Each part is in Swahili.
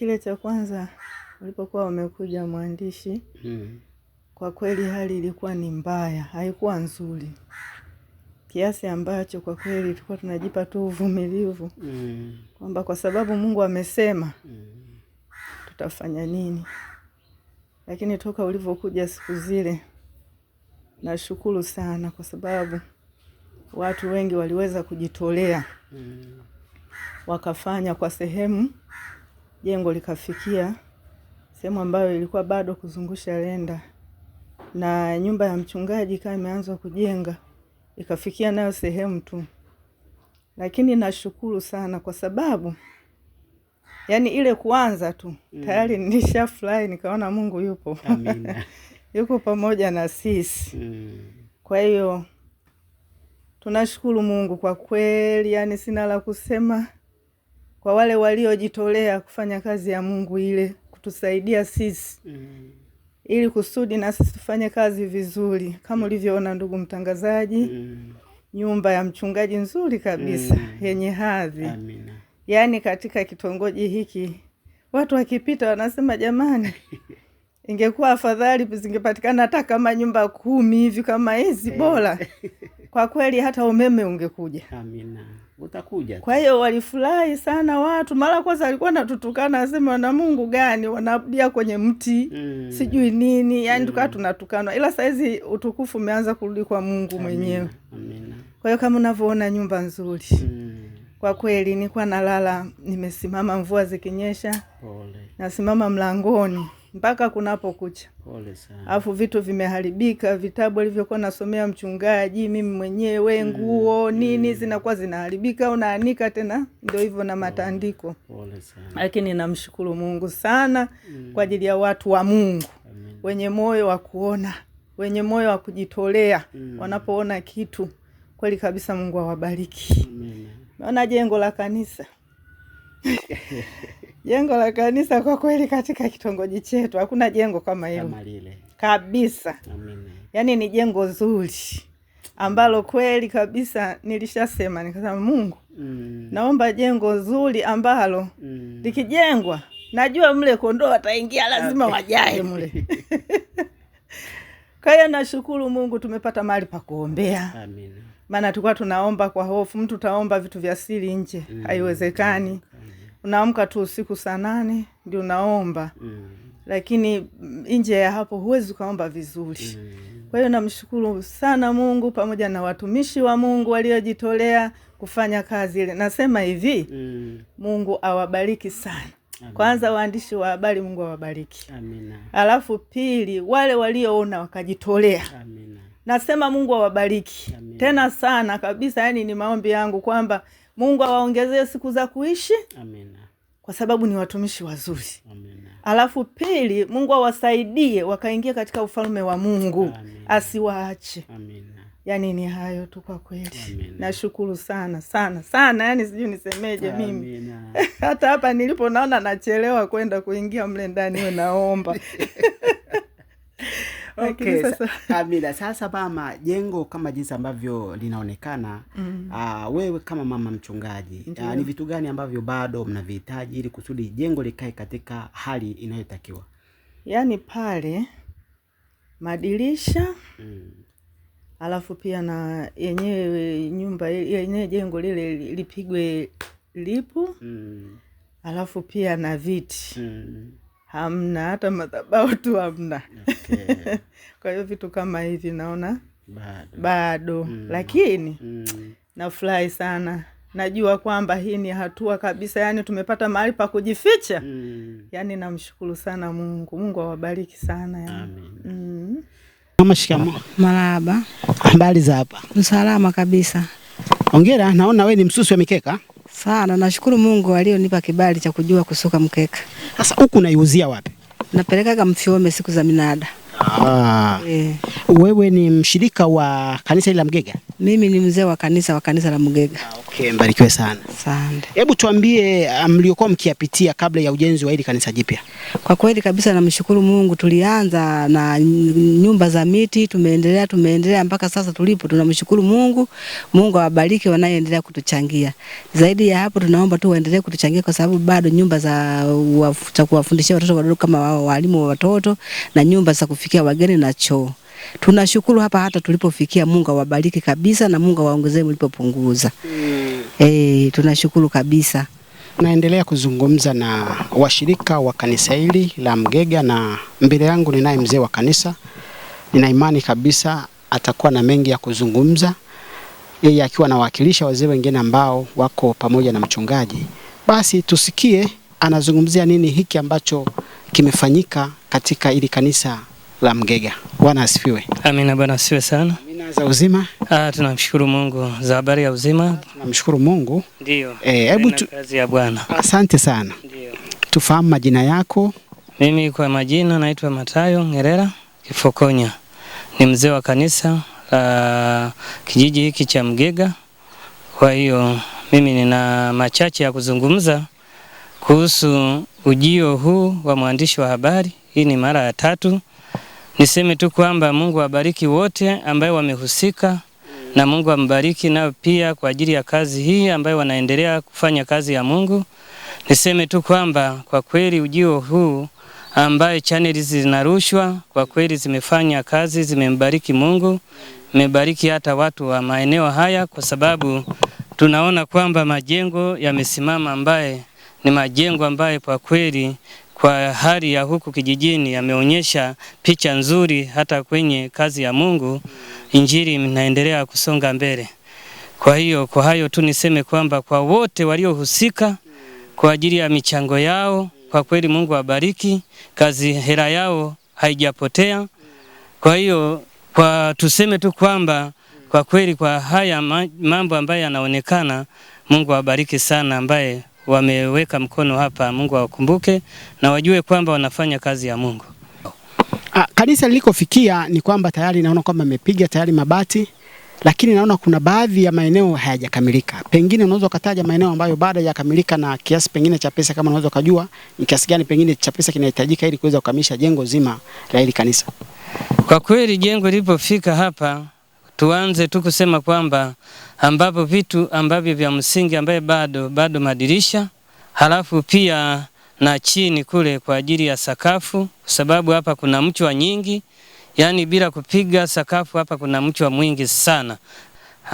kile cha kwanza ulipokuwa umekuja mwandishi mm. Kwa kweli hali ilikuwa ni mbaya, haikuwa nzuri kiasi ambacho kwa kweli tulikuwa tunajipa tu uvumilivu mm. kwamba kwa sababu Mungu amesema mm. tutafanya nini? Lakini toka ulivyokuja siku zile, nashukuru sana kwa sababu watu wengi waliweza kujitolea mm. wakafanya kwa sehemu jengo likafikia sehemu ambayo ilikuwa bado kuzungusha renda, na nyumba ya mchungaji kama imeanza kujenga ikafikia nayo sehemu tu. Lakini nashukuru sana kwa sababu yani ile kuanza tu mm. tayari fly nikaona Mungu yupo Amina. yuko pamoja na sisi mm. kwa hiyo tunashukuru Mungu kwa kweli, yani sina la kusema kwa wale waliojitolea kufanya kazi ya Mungu ile kutusaidia sisi mm. ili kusudi na sisi tufanye kazi vizuri kama mm. ulivyoona ndugu mtangazaji mm. nyumba ya mchungaji nzuri kabisa mm. yenye hadhi Amina. Yaani katika kitongoji hiki watu wakipita wanasema jamani, ingekuwa afadhali zingepatikana hata kama nyumba kumi hivi kama hizi eh. bora. Kwa kweli hata umeme ungekuja. Amina utakuja. Kwa hiyo walifurahi sana watu, mara kwanza alikuwa natutukana, asema na Mungu gani wanabudia kwenye mti mm. sijui nini, yani mm. tukawa tunatukanwa, ila sahizi utukufu umeanza kurudi kwa Mungu mwenyewe. Kwa hiyo kama unavyoona nyumba nzuri mm. kwa kweli nilikuwa nalala nimesimama, mvua zikinyesha Pole. nasimama mlangoni mpaka kunapokucha. Pole sana. Alafu vitu vimeharibika, vitabu alivyokuwa nasomea mchungaji, mimi mwenyewe, mm, nguo mm, nini mm, zinakuwa zinaharibika, unaanika tena, ndio hivyo na matandiko. Pole sana. Lakini namshukuru Mungu sana mm, kwa ajili ya watu wa Mungu Amen, wenye moyo wa kuona, wenye moyo wa kujitolea mm, wanapoona kitu kweli kabisa. Mungu awabariki. Naona jengo la kanisa jengo la kanisa kwa kweli katika kitongoji chetu hakuna jengo kama hilo kabisa. Amine. yani ni jengo zuri ambalo kweli kabisa nilishasema nikasema, Mungu mm. naomba jengo zuri ambalo mm. likijengwa najua mle kondoo wataingia lazima okay. wajae mle Kwa hiyo nashukuru Mungu tumepata mahali pa kuombea. Amina. Maana tulikuwa tunaomba kwa hofu, mtu taomba vitu vya siri nje, mm. haiwezekani. Okay unaamka tu usiku saa nane ndio unaomba mm. Lakini nje ya hapo huwezi ukaomba vizuri mm. Kwa hiyo namshukuru sana Mungu pamoja na watumishi wa Mungu waliojitolea kufanya kazi ile. Nasema hivi mm. Mungu awabariki sana Amina. Kwanza waandishi wa habari, Mungu awabariki Alafu pili wale walioona wakajitolea Amina. Nasema Mungu awabariki tena sana kabisa, yani ni maombi yangu kwamba Mungu awaongezee siku za kuishi. Amina. Kwa sababu ni watumishi wazuri. Amina. Alafu pili, Mungu awasaidie wakaingia katika ufalme wa Mungu. Asiwaache. Yaani ni hayo tu kwa kweli, nashukuru sana sana sana, yaani sijui nisemeje mimi hata hapa nilipo naona nachelewa kwenda kuingia mle ndani, we naomba Okay, Amina, sasa mama, jengo kama jinsi ambavyo linaonekana mm. Uh, wewe kama mama mchungaji uh, ni vitu gani ambavyo bado mnavihitaji ili kusudi jengo likae katika hali inayotakiwa? Yaani pale madirisha mm. alafu pia na yenyewe nyumba yenyewe jengo lile lipigwe lipu mm. alafu pia na viti mm hamna hata madhabahu tu hamna. Okay. Kwa hiyo vitu kama hivi naona bado, bado. Mm. Lakini mm. nafurahi sana najua kwamba hii ni hatua kabisa, yani tumepata mahali pa kujificha mm. Yani namshukuru sana Mungu. Mungu awabariki sana yani. maraba mm. Mama, shikamoo. Marahaba. Habari za hapa? Usalama kabisa. Hongera, naona we ni msusi wa mikeka sana. Nashukuru Mungu alionipa kibali cha kujua kusuka mkeka. Sasa huku naiuzia wapi? Napelekaga Mfyome siku za minada. Ah. Yeah. Wewe ni mshirika wa kanisa la Mgega? Mimi ni mzee wa kanisa wa kanisa la Mgega. Ah, okay, mbarikiwe sana. Asante. Hebu tuambie ah, mliokuwa um, mkiyapitia kabla ya ujenzi wa hili kanisa jipya. Kwa kweli kabisa namshukuru Mungu, tulianza na nyumba za miti, tumeendelea tumeendelea mpaka sasa tulipo. Tunamshukuru Mungu. Mungu awabariki wanaoendelea kutuchangia. Zaidi ya hapo, tunaomba tu waendelee kutuchangia kwa sababu bado nyumba za kuwafundishia watoto wadogo kama wao walimu wa watoto na nyumba za kufikia kufikia wageni na choo. Tunashukuru hapa hata tulipofikia, Mungu awabariki kabisa na Mungu awaongezee mlipopunguza. Mm. tunashukuru kabisa. Naendelea kuzungumza na washirika wa kanisa hili la Mgega na mbele yangu ninaye mzee wa kanisa. Nina imani kabisa atakuwa na mengi ya kuzungumza, yeye akiwa anawakilisha wazee wengine ambao wako pamoja na mchungaji. Basi tusikie anazungumzia nini hiki ambacho kimefanyika katika ili kanisa la Mgega. Bwana asifiwe. Amina, Bwana asifiwe sana. Amina za uzima. Ah, tunamshukuru Mungu za habari ya uzima. Tunamshukuru Mungu. Ndio. Eh, hebu tu... kazi ya Bwana. Asante sana. Ndio. Tufahamu majina yako. Mimi kwa majina naitwa Matayo Ngerera Kifokonya. Ni mzee wa kanisa la kijiji hiki cha Mgega. Kwa hiyo mimi nina machache ya kuzungumza kuhusu ujio huu wa mwandishi wa habari. Hii ni mara ya tatu Niseme tu kwamba Mungu awabariki wote ambaye wamehusika na Mungu ambariki nao pia kwa ajili ya kazi hii ambayo wanaendelea kufanya kazi ya Mungu. Niseme tu kwamba kwa kweli ujio huu ambaye chaneli zinarushwa kwa kweli zimefanya kazi, zimembariki Mungu, imebariki hata watu wa maeneo haya, kwa sababu tunaona kwamba majengo yamesimama ambaye ni majengo ambaye kwa kweli kwa hali ya huku kijijini yameonyesha picha nzuri, hata kwenye kazi ya Mungu injili inaendelea kusonga mbele. Kwa hiyo kwa hayo tu niseme kwamba kwa wote waliohusika kwa ajili ya michango yao, kwa kweli Mungu abariki kazi, hela yao haijapotea. Kwa hiyo kwa tuseme tu kwamba kwa kweli kwa haya mambo ambayo yanaonekana, Mungu abariki sana ambaye wameweka mkono hapa, Mungu awakumbuke na wajue kwamba wanafanya kazi ya Mungu. Ah, kanisa lilikofikia ni kwamba tayari naona kwamba amepiga tayari mabati lakini naona kuna baadhi ya maeneo hayajakamilika. Pengine unaweza ukataja maeneo ambayo bado hayajakamilika na kiasi pengine cha pesa, kama unaweza ukajua ni kiasi gani pengine cha pesa kinahitajika ili kuweza kukamilisha jengo zima la hili kanisa. Kwa kweli jengo lilipofika hapa, tuanze tu kusema kwamba ambapo vitu ambavyo vya msingi ambaye bado bado madirisha, halafu pia na chini kule kwa ajili ya sakafu, kwa sababu hapa kuna mchwa nyingi, yaani bila kupiga sakafu hapa kuna mchwa mwingi sana.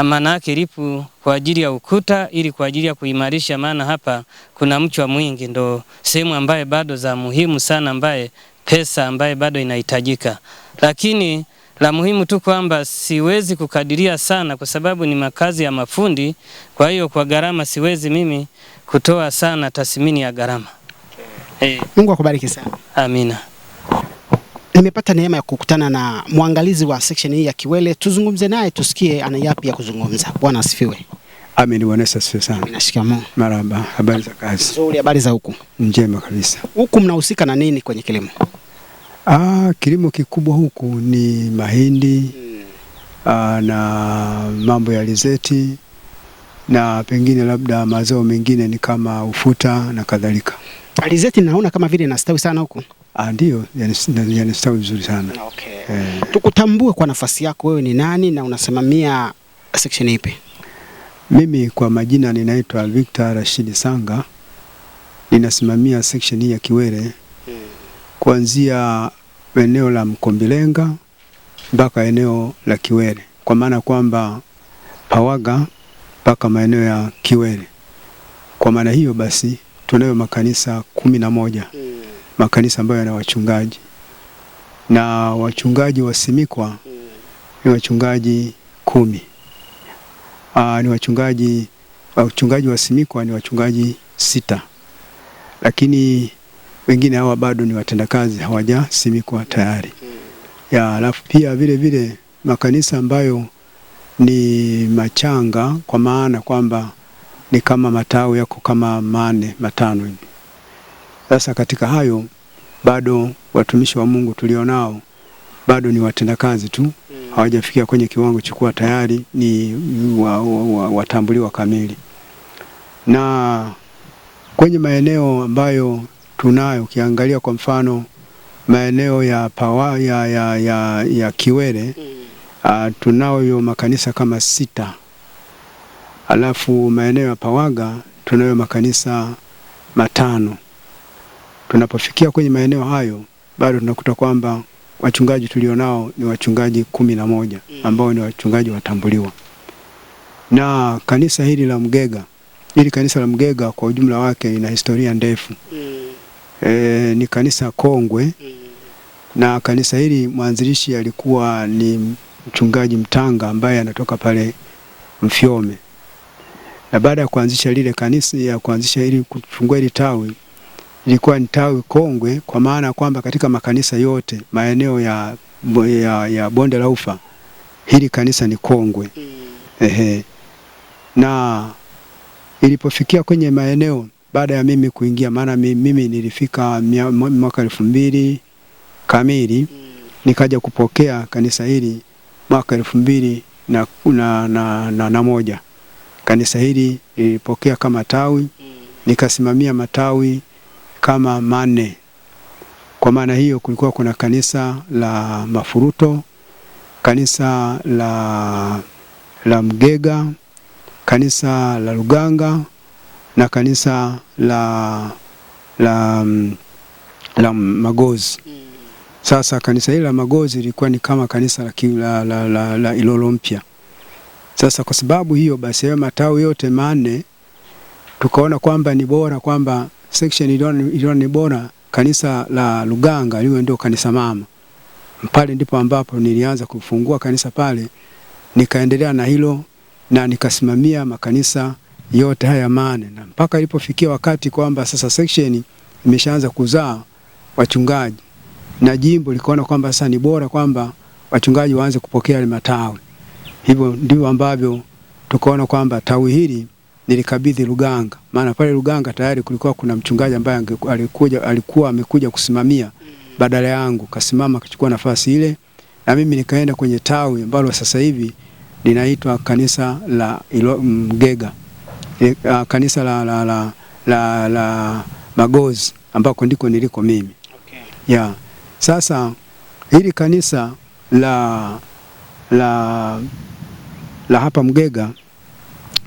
Maana yake lipu kwa ajili ya ukuta, ili kwa ajili ya kuimarisha, maana hapa kuna mchwa mwingi, ndo sehemu ambaye bado za muhimu sana, ambaye pesa ambaye bado inahitajika, lakini la muhimu tu kwamba siwezi kukadiria sana, kwa sababu ni makazi ya mafundi. Kwa hiyo kwa gharama siwezi mimi kutoa sana tathmini ya gharama. Okay. Hey. Eh. Mungu akubariki sana. Amina. Nimepata neema ya kukutana na mwangalizi wa section hii ya Kiwele, tuzungumze naye tusikie ana yapi ya kuzungumza. Bwana asifiwe. Amen. Bwana asifiwe sana. Amina. Ninashikamoo. Marhaba. Habari za kazi? Nzuri. Habari za huku? Njema kabisa. Huku mnahusika na nini kwenye kilimo? Ah, kilimo kikubwa huku ni mahindi hmm. ah, na mambo ya alizeti na pengine labda mazao mengine ni kama ufuta na kadhalika. Alizeti ah, naona kama vile inastawi sana huku. Ah, ndio yanastawi vizuri sana. Ah, okay. Eh. Tukutambue kwa nafasi yako, wewe ni nani na unasimamia section ipi? Mimi kwa majina ninaitwa Victor Rashidi Sanga, ninasimamia section hii ya Kiwere hmm. kuanzia eneo la Mkombilenga mpaka eneo la Kiwele, kwa maana kwamba Pawaga mpaka maeneo ya Kiwele. Kwa maana hiyo basi tunayo makanisa kumi na moja hmm. makanisa ambayo yana wachungaji na wachungaji wasimikwa hmm. ni wachungaji kumi. Aa, ah, ni wachungaji wachungaji wasimikwa ni wachungaji sita, lakini wengine hawa bado ni watendakazi hawajasimikwa tayari ya. Alafu pia vile vile makanisa ambayo ni machanga, kwa maana kwamba ni kama matawi yako kama mane matano hivi. Sasa katika hayo bado watumishi wa Mungu tulionao bado ni watendakazi tu, hawajafikia kwenye kiwango cha kuwa tayari ni wa, wa, wa, watambuliwa kamili na kwenye maeneo ambayo tunayo. Ukiangalia kwa mfano maeneo ya pawa, ya, ya, ya, ya Kiwere mm. Ah, tunayo makanisa kama sita, alafu maeneo ya Pawaga tunayo makanisa matano. Tunapofikia kwenye maeneo hayo bado tunakuta kwamba wachungaji tulionao ni wachungaji kumi na moja mm. ambao ni wachungaji watambuliwa. Na kanisa hili la Mgega, hili kanisa la Mgega kwa ujumla wake ina historia ndefu mm e, ni kanisa kongwe mm. na kanisa hili mwanzilishi alikuwa ni mchungaji Mtanga ambaye anatoka pale Mfyome, na baada ya kuanzisha lile kanisa ya kuanzisha ili kufungua ile tawi ilikuwa ni tawi kongwe, kwa maana kwamba katika makanisa yote maeneo ya, ya, ya bonde la ufa hili kanisa ni kongwe mm. Ehe. na ilipofikia kwenye maeneo baada ya mimi kuingia, maana mimi nilifika mwaka elfu mbili kamili mm. nikaja kupokea kanisa hili mwaka elfu mbili na, na, na, na, na moja. Kanisa hili nilipokea kama tawi mm. nikasimamia matawi kama manne. Kwa maana hiyo kulikuwa kuna kanisa la Mafuruto, kanisa la, la Mgega, kanisa la Luganga na kanisa la, la, mm, la Magozi. Sasa kanisa hili la Magozi lilikuwa ni kama kanisa la, la, la, la, la Ilolo mpya. Sasa kwa sababu hiyo basi hayo matawi yote manne tukaona kwamba ni bora kwamba section iliona ni bora kanisa la Luganga liwe ndio kanisa mama. Pale ndipo ambapo nilianza kufungua kanisa pale, nikaendelea na hilo na nikasimamia makanisa yote haya mane, na mpaka ilipofikia wakati kwamba sasa section imeshaanza kuzaa wachungaji na jimbo likaona kwamba sasa ni bora kwamba wachungaji waanze kupokea ile matawi. Hivyo ndivyo ambavyo tukaona kwamba tawi hili nilikabidhi Luganga, maana pale Luganga tayari kulikuwa kuna mchungaji ambaye alikuja, alikuwa amekuja kusimamia badala yangu, kasimama akachukua nafasi ile, na mimi nikaenda kwenye tawi ambalo sasa hivi linaitwa kanisa la Ilo, Mgega e, eh, a, ah, kanisa la, la, la, la, la Magozi ambako ndiko niliko mimi okay. Yeah. Sasa hili kanisa la, la, la hapa Mgega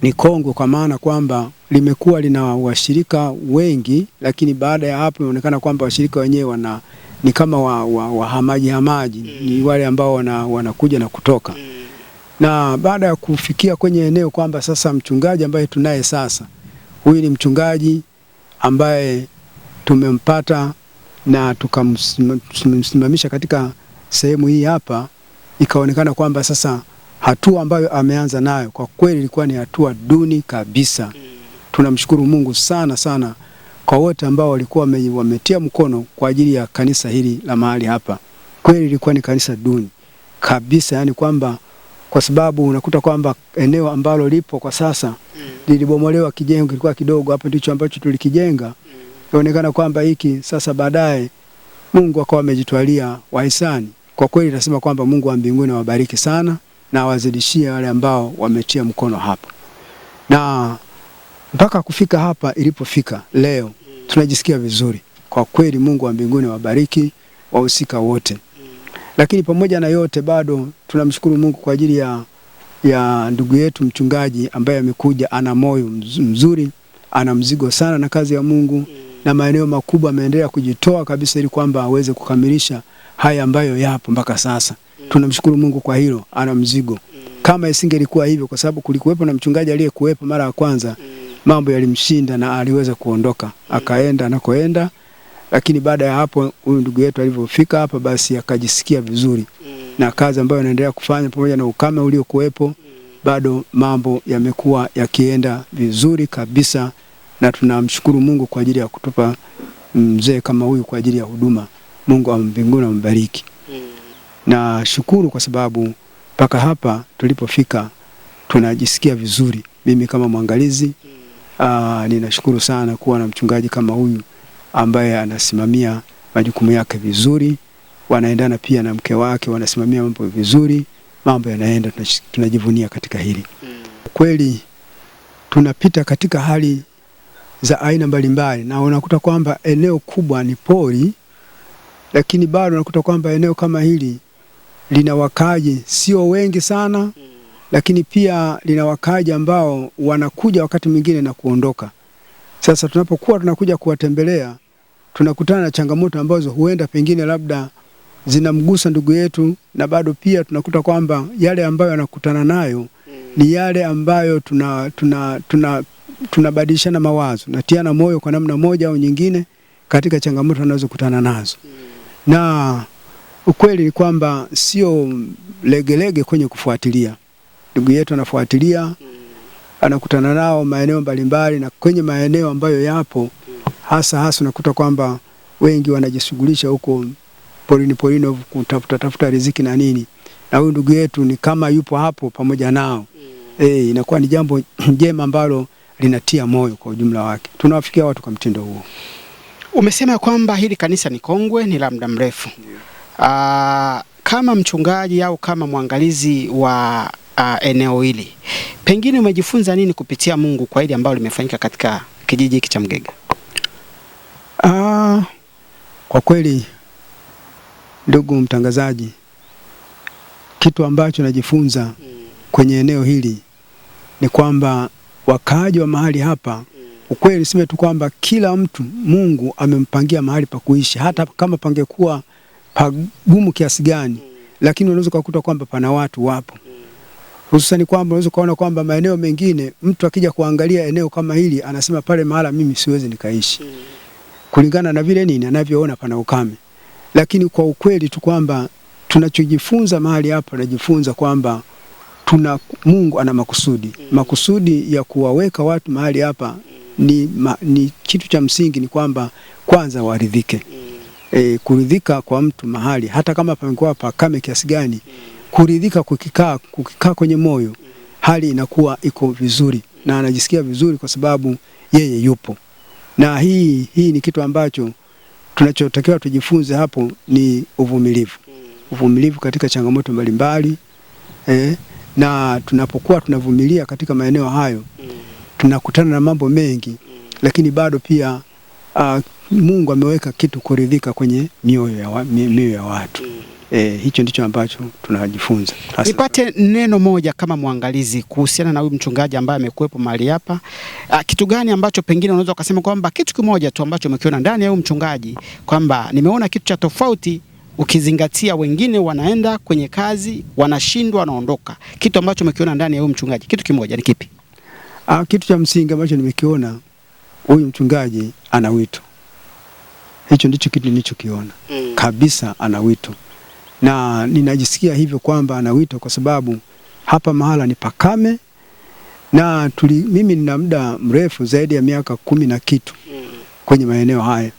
ni kongwe kwa maana kwamba limekuwa lina washirika wengi, lakini baada ya hapo inaonekana kwamba washirika wenyewe wana ni kama wahamaji wa, wa hamaji, hamaji. Mm. Ni wale ambao wanakuja wana na kutoka mm na baada ya kufikia kwenye eneo kwamba sasa mchungaji ambaye tunaye sasa, huyu ni mchungaji ambaye tumempata na tukamsimamisha katika sehemu hii hapa, ikaonekana kwamba sasa hatua ambayo ameanza nayo kwa kweli ilikuwa ni hatua duni kabisa. Tunamshukuru Mungu sana sana kwa wote ambao walikuwa wametia mkono kwa ajili ya kanisa hili la mahali hapa. Kweli ilikuwa ni kanisa duni kabisa, yani kwamba kwa sababu unakuta kwamba eneo ambalo lipo kwa sasa mm. lilibomolewa, kijengo kilikuwa kidogo, hapo ndicho ambacho tulikijenga. Mm. Inaonekana kwamba hiki sasa, baadaye Mungu akawa amejitwalia wahisani. Kwa kweli nasema kwamba Mungu wa mbinguni awabariki sana na awazidishie wale ambao wametia mkono hapa, na mpaka kufika hapa ilipofika leo mm. tunajisikia vizuri kwa kweli. Mungu wa mbinguni awabariki wahusika wote. Lakini pamoja na yote bado tunamshukuru Mungu kwa ajili ya, ya ndugu yetu mchungaji ambaye amekuja, ana moyo mzuri, ana mzigo sana na kazi ya Mungu na maeneo makubwa ameendelea kujitoa kabisa, ili kwamba aweze kukamilisha haya ambayo yapo mpaka sasa. Tunamshukuru Mungu kwa hilo, ana mzigo. Kama isingelikuwa hivyo, kwa sababu kulikuwepo na mchungaji aliyekuwepo mara ya kwanza, mambo yalimshinda na aliweza kuondoka akaenda anakoenda lakini baada ya hapo huyu ndugu yetu alivyofika hapa, basi akajisikia vizuri mm. na kazi ambayo anaendelea kufanya pamoja na ukame uliokuwepo mm. bado mambo yamekuwa yakienda vizuri kabisa, na tunamshukuru Mungu kwa ajili ya kutupa mzee kama huyu kwa ajili ya huduma. Mungu wa ambariki mm. na shukuru kwa sababu mpaka hapa tulipofika tunajisikia vizuri. Mimi kama mwangalizi mm. aa, ninashukuru sana kuwa na mchungaji kama huyu ambaye anasimamia majukumu yake vizuri, wanaendana pia na mke wake, wanasimamia mambo vizuri, mambo yanaenda, tunajivunia katika hili hmm. kweli. Tunapita katika hali za aina mbalimbali, na unakuta kwamba eneo kubwa ni pori, lakini bado unakuta kwamba eneo kama hili lina wakaaji sio wengi sana, hmm. lakini pia lina wakaaji ambao wanakuja wakati mwingine na kuondoka. Sasa tunapokuwa tunakuja kuwatembelea, tunakutana na changamoto ambazo huenda pengine labda zinamgusa ndugu yetu, na bado pia tunakuta kwamba yale ambayo anakutana nayo ni yale ambayo tuna, tuna, tuna, tunabadilishana mawazo na moyo kwa namna moja au nyingine katika changamoto anazokutana nazo. Na ukweli ni kwamba sio legelege kwenye kufuatilia, ndugu yetu anafuatilia anakutana nao maeneo mbalimbali, na kwenye maeneo ambayo yapo hasa hasa unakuta kwamba wengi wanajishughulisha huko porini porini kutafuta tafuta riziki na nini, na huyu ndugu yetu ni kama yupo hapo pamoja nao mm. Eh, inakuwa ni jambo jema ambalo linatia moyo kwa ujumla wake. Tunawafikia watu kwa mtindo huo. Umesema kwamba hili kanisa ni kongwe, ni la muda mrefu yeah. Kama mchungaji au kama mwangalizi wa uh, eneo hili. Pengine umejifunza nini kupitia Mungu kwa hili ambalo limefanyika katika kijiji hiki cha Mgega? Uh, kwa kweli ndugu mtangazaji, kitu ambacho najifunza mm. kwenye eneo hili ni kwamba wakaaji wa mahali hapa mm. ukweli niseme tu kwamba kila mtu Mungu amempangia mahali pa kuishi, hata kama pangekuwa pagumu kiasi gani mm. lakini unaweza kukuta kwamba pana watu wapo mm hususani kwamba unaweza kuona kwamba maeneo mengine mtu akija kuangalia eneo kama hili anasema pale mahala mimi siwezi nikaishi kulingana na vile nini anavyoona pana ukame, lakini kwa ukweli tu kwamba tunachojifunza mahali hapa, najifunza kwamba tuna Mungu ana makusudi mm. makusudi ya kuwaweka watu mahali hapa ni, ma, ni kitu cha msingi ni kwamba kwanza waridhike mm. e, kuridhika kwa mtu mahali hata kama pamekuwa pakame kiasi gani mm kuridhika kukikaa kukikaa kwenye moyo, hali inakuwa iko vizuri na anajisikia vizuri kwa sababu yeye yupo. Na hii hii ni kitu ambacho tunachotakiwa tujifunze hapo ni uvumilivu, uvumilivu katika changamoto mbalimbali eh, na tunapokuwa tunavumilia katika maeneo hayo tunakutana na mambo mengi, lakini bado pia uh, Mungu ameweka kitu kuridhika kwenye mioyo ya, wa, mioyo ya watu. E, hicho ndicho ambacho tunajifunza. Nipate neno moja kama mwangalizi kuhusiana na huyu mchungaji ambaye amekuwepo mahali hapa. Ah, kitu gani ambacho pengine unaweza ukasema kwamba kitu kimoja tu ambacho umekiona ndani ya huyu mchungaji kwamba nimeona kitu cha tofauti ukizingatia wengine wanaenda kwenye kazi wanashindwa, wanaondoka, kitu ambacho umekiona ndani ya huyu mchungaji kitu kimoja ni kipi? Ah, kitu cha msingi ambacho nimekiona huyu mchungaji ana wito. Hicho ndicho kitu nilichokiona. Mm. Kabisa ana wito na ninajisikia hivyo kwamba ana wito, kwa sababu hapa mahala ni pakame na tuli, mimi nina muda mrefu zaidi ya miaka kumi na kitu kwenye maeneo haya,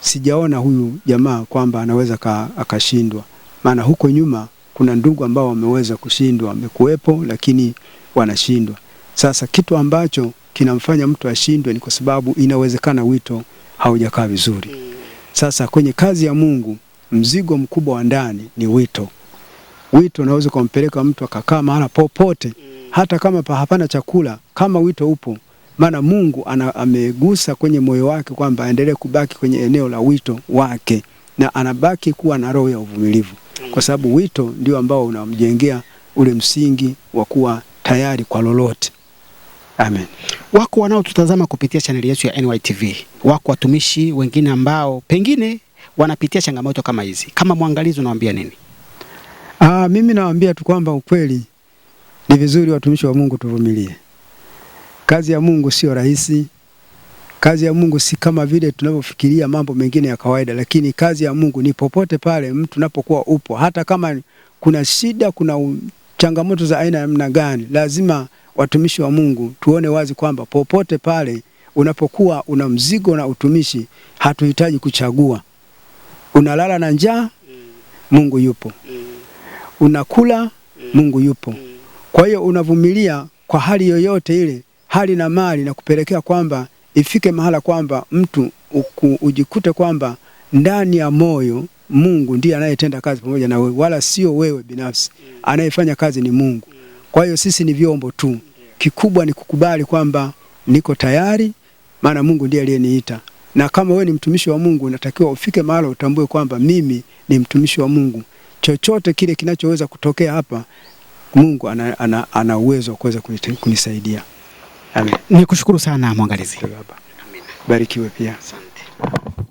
sijaona huyu jamaa kwamba anaweza akashindwa. Maana huko nyuma kuna ndugu ambao wameweza kushindwa, wamekuwepo lakini wanashindwa. Sasa kitu ambacho kinamfanya mtu ashindwe ni kwa sababu inawezekana wito haujakaa vizuri. Mm. Sasa kwenye kazi ya Mungu mzigo mkubwa wa ndani ni wito. Wito unaweza kumpeleka mtu akakaa mahala popote, hata kama hapana chakula, kama wito upo, maana Mungu ana, amegusa kwenye moyo wake kwamba aendelee kubaki kwenye eneo la wito wake, na anabaki kuwa na roho ya uvumilivu, kwa sababu wito ndio ambao unamjengea ule msingi wa kuwa tayari kwa lolote. Amen. Wako wanaotutazama kupitia chaneli yetu ya NYTV, wako watumishi wengine ambao pengine wanapitia changamoto kama hizi, kama mwangalizi unawaambia nini? Aa, ah, mimi nawaambia tu kwamba ukweli ni vizuri watumishi wa Mungu tuvumilie. Kazi ya Mungu sio rahisi. Kazi ya Mungu si kama vile tunavyofikiria mambo mengine ya kawaida, lakini kazi ya Mungu ni popote pale mtu unapokuwa upo, hata kama kuna shida, kuna changamoto za aina namna gani, lazima watumishi wa Mungu tuone wazi kwamba popote pale unapokuwa una mzigo na utumishi, hatuhitaji kuchagua unalala na njaa mm. Mungu yupo mm. unakula mm. Mungu yupo mm. Kwa hiyo unavumilia kwa hali yoyote ile, hali na mali na kupelekea kwamba ifike mahala kwamba mtu uku, ujikute kwamba ndani ya moyo Mungu ndiye anayetenda kazi pamoja na wewe, wala sio wewe binafsi. Mm. Anayefanya kazi ni Mungu. Mm. Kwa hiyo sisi ni vyombo tu, kikubwa ni kukubali kwamba niko tayari, maana Mungu ndiye aliyeniita na kama wewe ni mtumishi wa Mungu unatakiwa ufike mahali utambue kwamba mimi ni mtumishi wa Mungu. Chochote kile kinachoweza kutokea hapa, Mungu ana, ana, ana uwezo wa kuweza kunisaidia. Amen. Nikushukuru sana mwangalizi. Barikiwe pia. Asante.